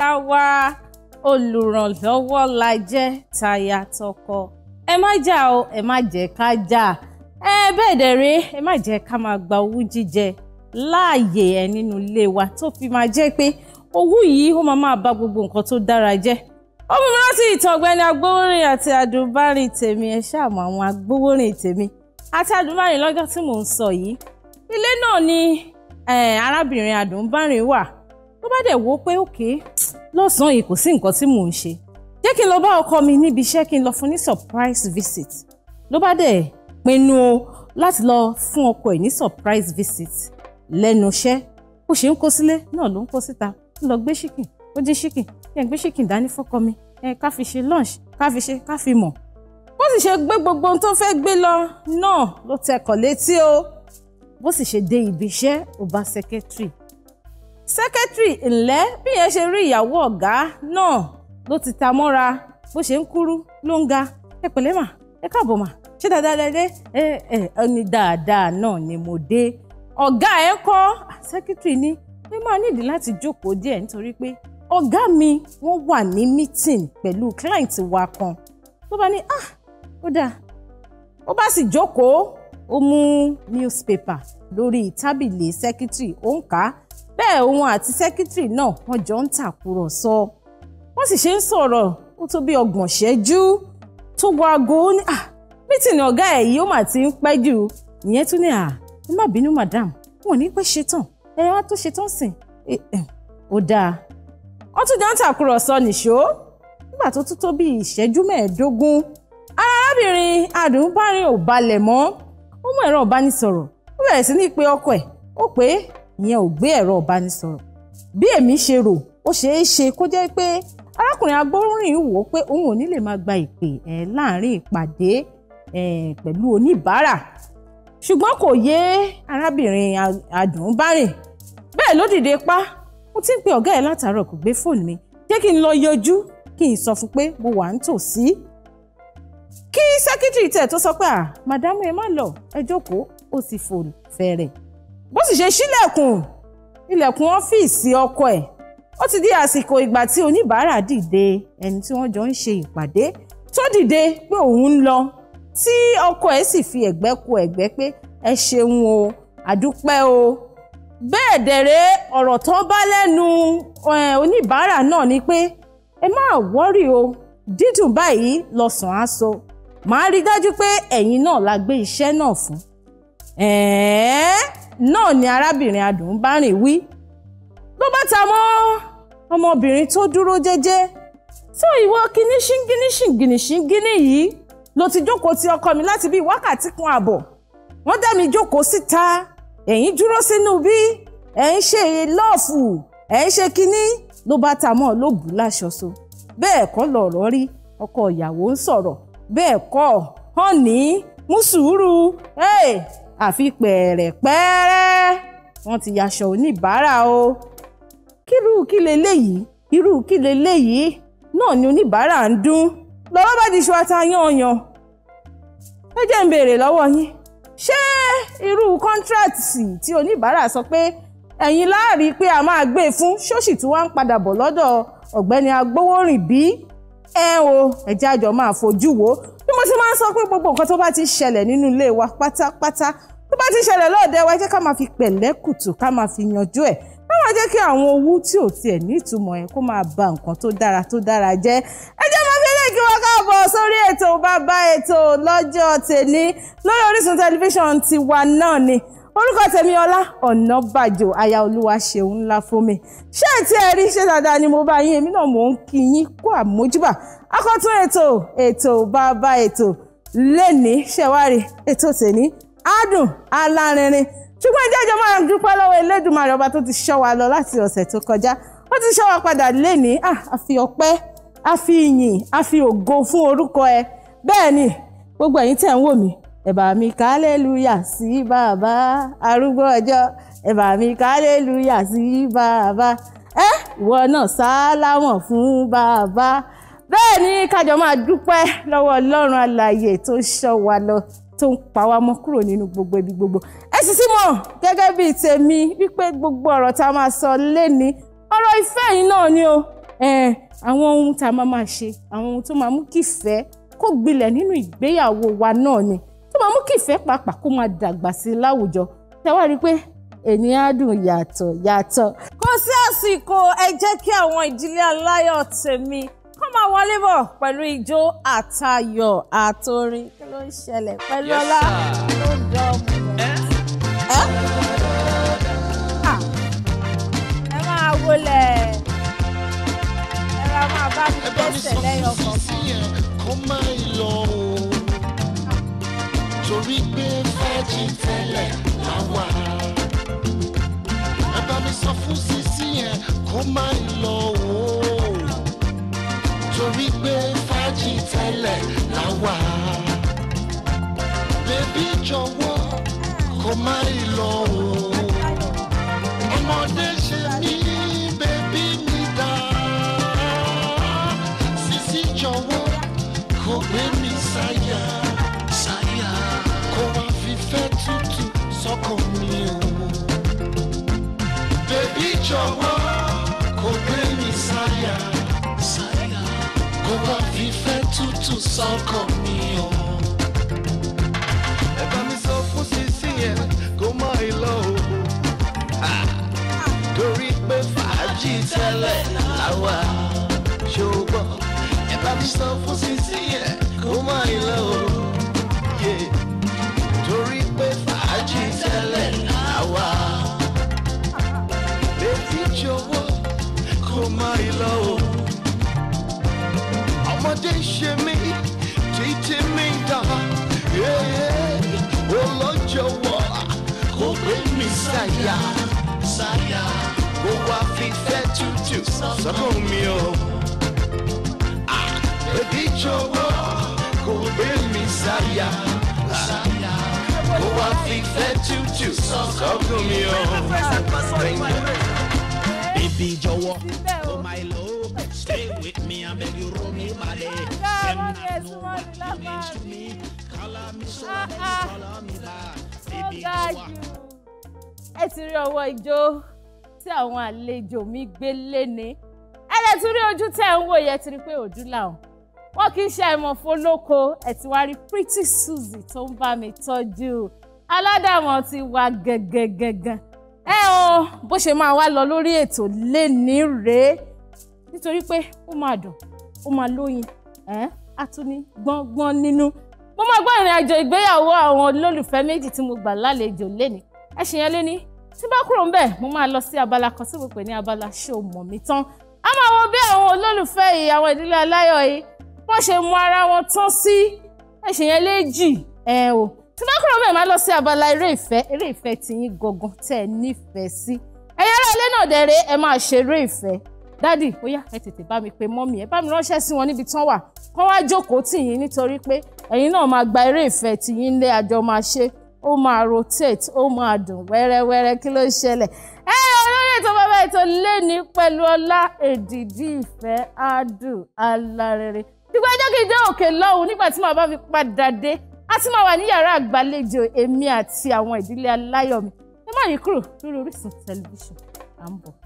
ara wa olùrànlọ́wọ́ la jẹ́ taya tọkọ ẹ má jà o ẹ má jẹ́ ká jà ẹ bẹ́ẹ̀ dẹ̀ rí ẹ má jẹ́ ká máa gba owú jíjẹ láàyè ẹ nínú ilé wa tó fi máa jẹ́ pé owú yìí ó máa máa bà gbogbo nǹkan tó dára jẹ́ ó mú mi rántí ìtàn ọ̀gbẹ́ni àti àdùnbárin tèmi ẹ ṣáàmù àwọn agbowórin tèmi àti àdùnbárin lọ́jọ́ tí mò ń sọ yìí ilé náà ni arábìnrin àdùnbárin wà tó bá dẹ̀ wò pé òkè lọ́sàn-án yìí kò sí nǹkan tí mò ń ṣe jẹ́ kí n lọ bá ọkọ mi níbi iṣẹ́ kí n lọ fún ní surprise visit ló bá dẹ̀ pinnu o láti lọ fún ọkọ ẹ̀ ní surprise visit lẹ́nu iṣẹ́ bó ṣe ń kó sílé náà ló ń kó síta ń lọ gbé ṣíkìn ó dín ṣíkìn kí n gbé ṣíkìn dání fọ́kọ mi ká fi ṣe lunch ká fi ṣe ká fi mọ̀ bó sì ṣe gbé gbogbo ohun tó fẹ́ gbé lọ náà ló tẹkọ̀ létí o bó sì ṣe dé ibi iṣẹ́ ó bá secretary secretary ńlẹ́ bí yẹn ṣe rí ìyàwó ọ̀gá náà ló ti ta mọ́ra bó ṣe ń kúrú ló ń ga ẹ pẹ̀lẹ́ mà ẹ káàbọ̀ mà ṣé dáadáa lẹ́dẹ́ ẹ ẹ ẹni dáadáa náà ni mo dé ọ̀gá ẹ kọ́ secretary ni ẹ máa nídìí láti jókòó díẹ̀ nítorí pé ọ̀gá mi wọ́n wà ní meeting pẹ̀lú client wa kan ló bá ní ah ó dáa ó bá sì jókòó ó mú newspaper lórí tábìlì secretary ó ń kà á bẹ́ẹ̀ òun àti sẹ́kítírì náà wọ́n jọ ń tàkúrọ̀sọ wọ́n sì ṣe ń sọ̀rọ̀ ó tó bí ọgbọ̀n ṣẹ́jú tó wọ aago ó ní ah mítìnì ọ̀gá ẹ̀ yìí ó mà ti ń pẹ́ jù ìyẹn tún ní à ẹ má bínú madam wọn ò ní pẹ́ ṣetán ẹ wá tó ṣetán sìn e, ehm, ó dáa wọ́n tún jọ ń tàkúrọ̀sọ nìṣó nígbà tó tún tó bí ìṣẹ́jú mẹ́ẹ̀ẹ́dógún arábìnrin adùnbárin ò balẹ̀ mọ́ ó mú ẹ̀rọ ìbánisọ̀rọ̀ ó bẹ̀rẹ̀ sí ní pe ọkọ ẹ̀ ó pé ìyẹn ò gbé ẹ̀rọ ìbánisọ̀rọ̀ bí èmi ṣe rò ó ṣeé ṣe kó jẹ́ pé arákùnrin agbórin wò ó pé òun ò ní lè máa gba ìpè ẹ̀ láàrin ìpàdé ẹ̀ pẹ̀lú oníbàárà ṣùgbọ́n kò yé arábìnrin Adùnbárìn bẹ́ẹ̀ ló dìde pa mo ti ń pe ọ̀gá ẹ̀ látàárọ̀ kò gbé fóònù mi jẹ́ kí n lọ yọjú kí n sọ fún pé mo wà ń tòsí kí sẹ́kítírì tẹ̀ tó sọ pé à màdámù ẹ má lọ ẹ jókòó ó sì fò fẹ̀rẹ̀ bó sì ṣe ṣílẹ̀kùn ilẹ̀kùn ọ́fíìsì ọkọ ẹ̀ ó ti di àsìkò ìgbà tí oníbàárà dìde ẹni tí wọ́n jọ ń ṣe ìpàdé tó dìde pé òun ń lọ tí ọkọ ẹ̀ sì fi ẹ̀gbẹ́ kò ẹ̀gbẹ́ pé ẹ ṣeun o àdúpẹ́ o bẹ́ẹ̀ dẹ̀rẹ́ ọ̀rọ̀ tó bá lẹ́nu oníbàárà náà ni pé ẹ má wọ́rì o dídùn báyìí lọ́sàn-án aṣọ màá rí dájú pé ẹ̀yin náà la gbé iṣẹ́ náà fún ẹ̀ẹ́ náà ni arábìnrin adùn bá rìn wí ló bá ta mọ́ ọmọbìnrin tó dúró jẹ́jẹ́ tó ìwọ kíní ṣíngíní ṣíngíní ṣíngíní yìí ló ti jókòó ti ọkọ mi láti bíi wákàtí kan àbọ̀ wọ́n dá mi jókòó síta ẹ̀yin dúró sínú bí ẹ̀ ń ṣe lọ́ọ̀fù ẹ̀ ń ṣe kíní ló bá ta mọ́ ló bù láṣọ so bẹ́ẹ̀ kọ́ lọ̀rọ̀ rí ọkọ ìyàwó ń sọ̀rọ̀ bẹ́ẹ̀ kọ́ ọ̀ ní mú sùúrù àfi pẹ̀rẹ̀pẹ̀rẹ̀ wọ́n ti yaṣọ oníbàárà o kírú kí leléyìí irú kí leléyìí náà ni oníbàárà ń dún lọ́wọ́ bá di ṣu ata yányan ẹ jẹ́ ń béèrè lọ́wọ́ yín ṣé irú kọ́ńtrátì tí oníbàárà sọ pé ẹ̀yin láàrí pé a máa gbé e fún ṣóṣì tí wọ́n ń padà bọ̀ lọ́dọ̀ ọ̀gbẹ́ni agbowórin bí ẹ o ẹ̀jẹ̀ àjọ máa fojú wo mo ti máa ń sọ pé gbogbo nǹkan tó bá ti ṣẹlẹ̀ nínú ilé wa pátápátá tó bá ti ṣẹlẹ̀ lóde wa jẹ́ ká máa fi pẹ̀lẹ́kùtù ká máa fi yanjú ẹ̀ ká máa jẹ́ kí àwọn owó tí ò tiẹ̀ ní ìtumọ̀ yẹn kó máa ba nǹkan tó dára tó dára jẹ́ ẹ jẹ́ máa fi eléyìí kí wọ́n káàbọ̀ sórí ètò bàbá ètò lọ́jọ́ tèmi lórí Orísun tẹlifíṣàn tiwa náà ni orúkọ tèmi ọlá ọ̀nàbàjò aya olúwa ṣeun ńlá fómi ṣé ètí ẹ rí ṣé dáadáa ni mo bá yín èmi náà mò ń kí yín kó àmójúbà akọ́tún ètò ètò bàbá ètò lẹ́ni ṣẹ̀wárí ètò tèmi adùn alárinrin ṣùgbọ́n ẹjẹ́ ìjọba àwọn dúpẹ́ lọ́wọ́ elédùnmarè ọba tó ti ṣọ́ wa lọ láti ọ̀sẹ̀ tó kọjá ó ti ṣọ́ wa padà lẹ́ni àfi ah, ọpẹ́ àfi ìyìn àfi ògo fún orúkọ ẹ bẹ́ẹ̀ ni gbogbo ẹ̀yin tẹ̀ ń wò mí ẹ mi ká hallelujah sí bàbá arúgbó ọjọ́ ẹ mi ká hallelujah sí bàbá ẹ ìwọ náà sálámọ̀ fún bàbá bẹ́ẹ̀ ni kájọ máa dúpẹ́ lọ́wọ́ ọlọ́run alààyè tó ṣọ́ wa lọ tó ń pa wá mọ́ kúrò nínú gbogbo ibi gbogbo ẹ sì sí mọ̀ gẹ́gẹ́ bíi tèmi wípé gbogbo ọ̀rọ̀ tá a máa sọ léni ọ̀rọ̀ ìfẹ́ yìí náà ni o àwọn ohun tá a máa ṣe àwọn ohun tó máa mú kí ìfẹ́ kó gbilẹ̀ nínú ìgbéyàwó wa náà ni máa mú kí ìfẹ́ pàápàá kó máa dàgbà sí láwùjọ tẹ́wọ́ rí i pé ènìyàn á dùn yàtọ̀ yàtọ̀. kò sí àsìkò ẹ jẹ́ kí àwọn ìdílé aláyọ̀ tèmi kó máa wọlé bọ̀ pẹ̀lú ijó àtayọ̀ àtorin kí ló ń ṣẹlẹ̀ pẹ̀lú ọlá ló dán ọmọ ẹ máa wọlé ẹ máa bá mi gbẹ́sẹ̀ lẹ́yọ̀ kọ̀ọ̀kan torí pé fẹ́ẹ̀jì tẹ́lẹ̀ láwa. ẹ bá mi sọ fún Sisi yẹn kó má lọ wò ó torí pé fẹ́ẹ̀jì tẹ́lẹ̀ láwa. bébí jọ̀wọ́ kó má lọ wò ó ọmọdé jésù sọ́kàn mi o. ẹ bá mi sọ fún sísí yẹn kó má lọ òun. torí pé fàájì tẹ́lẹ̀ láwa mi sọ fún sísí yẹn kó má lọ òun. torí pé fàájì tẹ́lẹ̀ láwa. létí jọ̀wọ́ kó má lọ òun ọmọdé ṣe mí. timida olójọwọ́ kò gbé mi sáyà sáyà kò wá fífẹ́ tútù sọ́kàn mi o. Ìdíjọwọ́ kò mi sáyà sáyà kò wá fífẹ́ tútù sọ́kàn Baby jọ̀wọ́. Stay with me and beg you roll me body. Ah, Them not know what you mean to me. Color me so, ah, ah. color me that. Oh, baby, you are. Ẹ ti rí ọwọ́ ijó tí àwọn àlejò mi gbé léne. Ẹ lè tún rí ojú tẹ̀ ń wò yẹn ti rí pé ojú làwọn. Wọ́n kì í ṣe àìmọ̀fó lóko ẹ̀ ti wá rí Pretty Suzy tó ń bá mi tọ́jú. Aládàmọ̀ ti wá gẹ̀gẹ̀gẹ̀gàn. Ẹ o bó ṣe máa wá lọ lórí ètò lénìí rèé nítorí pé ó máa dùn ó máa lóyin á tún ní gbọ́ngbọ́n nínú. mo máa gbọ́ ìrìn àjò ìgbéyàwó àwọn olólùfẹ́ méjì tí mo gbà lálejò lénìí ẹ ṣèyàn lénìí tí bá kúrò ńbẹ̀ mo máa lọ sí abala kan tí mo pè ní abala ṣé o mọ̀ mí tán a máa wo bí àwọn olólùfẹ́ yìí àwọn ìdílé aláyọ̀ yìí wọ́n ṣe mú ara wọn tán sí ẹ ṣèyàn léjì ẹ o tí bá kúrò ńbẹ̀ máa lọ sí abala eré ìfẹ́ eré ìfẹ́ tiyín gangan tẹ́ ẹ nífẹ̀ẹ́ sí ẹ̀yẹ́rẹ́ ilé náà dẹ̀rẹ́ ẹ máa ṣeré ìfẹ́ dádì bóyá ẹ tètè bá mi pe mọ́mì ẹ bá mi ránṣẹ́ sí wọn níbi tán wà kán wá jókòó tì yín nítorí pé ẹ̀yin náà máa gba eré ìfẹ́ tí yín lé àjọ máa ṣe ó máa rotate ó máa dùn wẹ́rẹ́wẹ́rẹ́ kí ló ṣẹlẹ̀ ẹ olórí ètò bàbá ètò lẹ́ni pẹ̀lú ọlá èdìdí ìfẹ́ adùn alárẹ̀rẹ̀ ṣùgbọ́n ẹjọ́ kìí dé òkè lọ́hùn nígbà tí màá bá fi padà dé a ti máa wà ní yàrá àgbàlejò èmi àti àwọn ìdílé aláyọ̀ mi ẹ má yí kúrò lórí Orísun tẹlifíṣàn à ń bọ̀.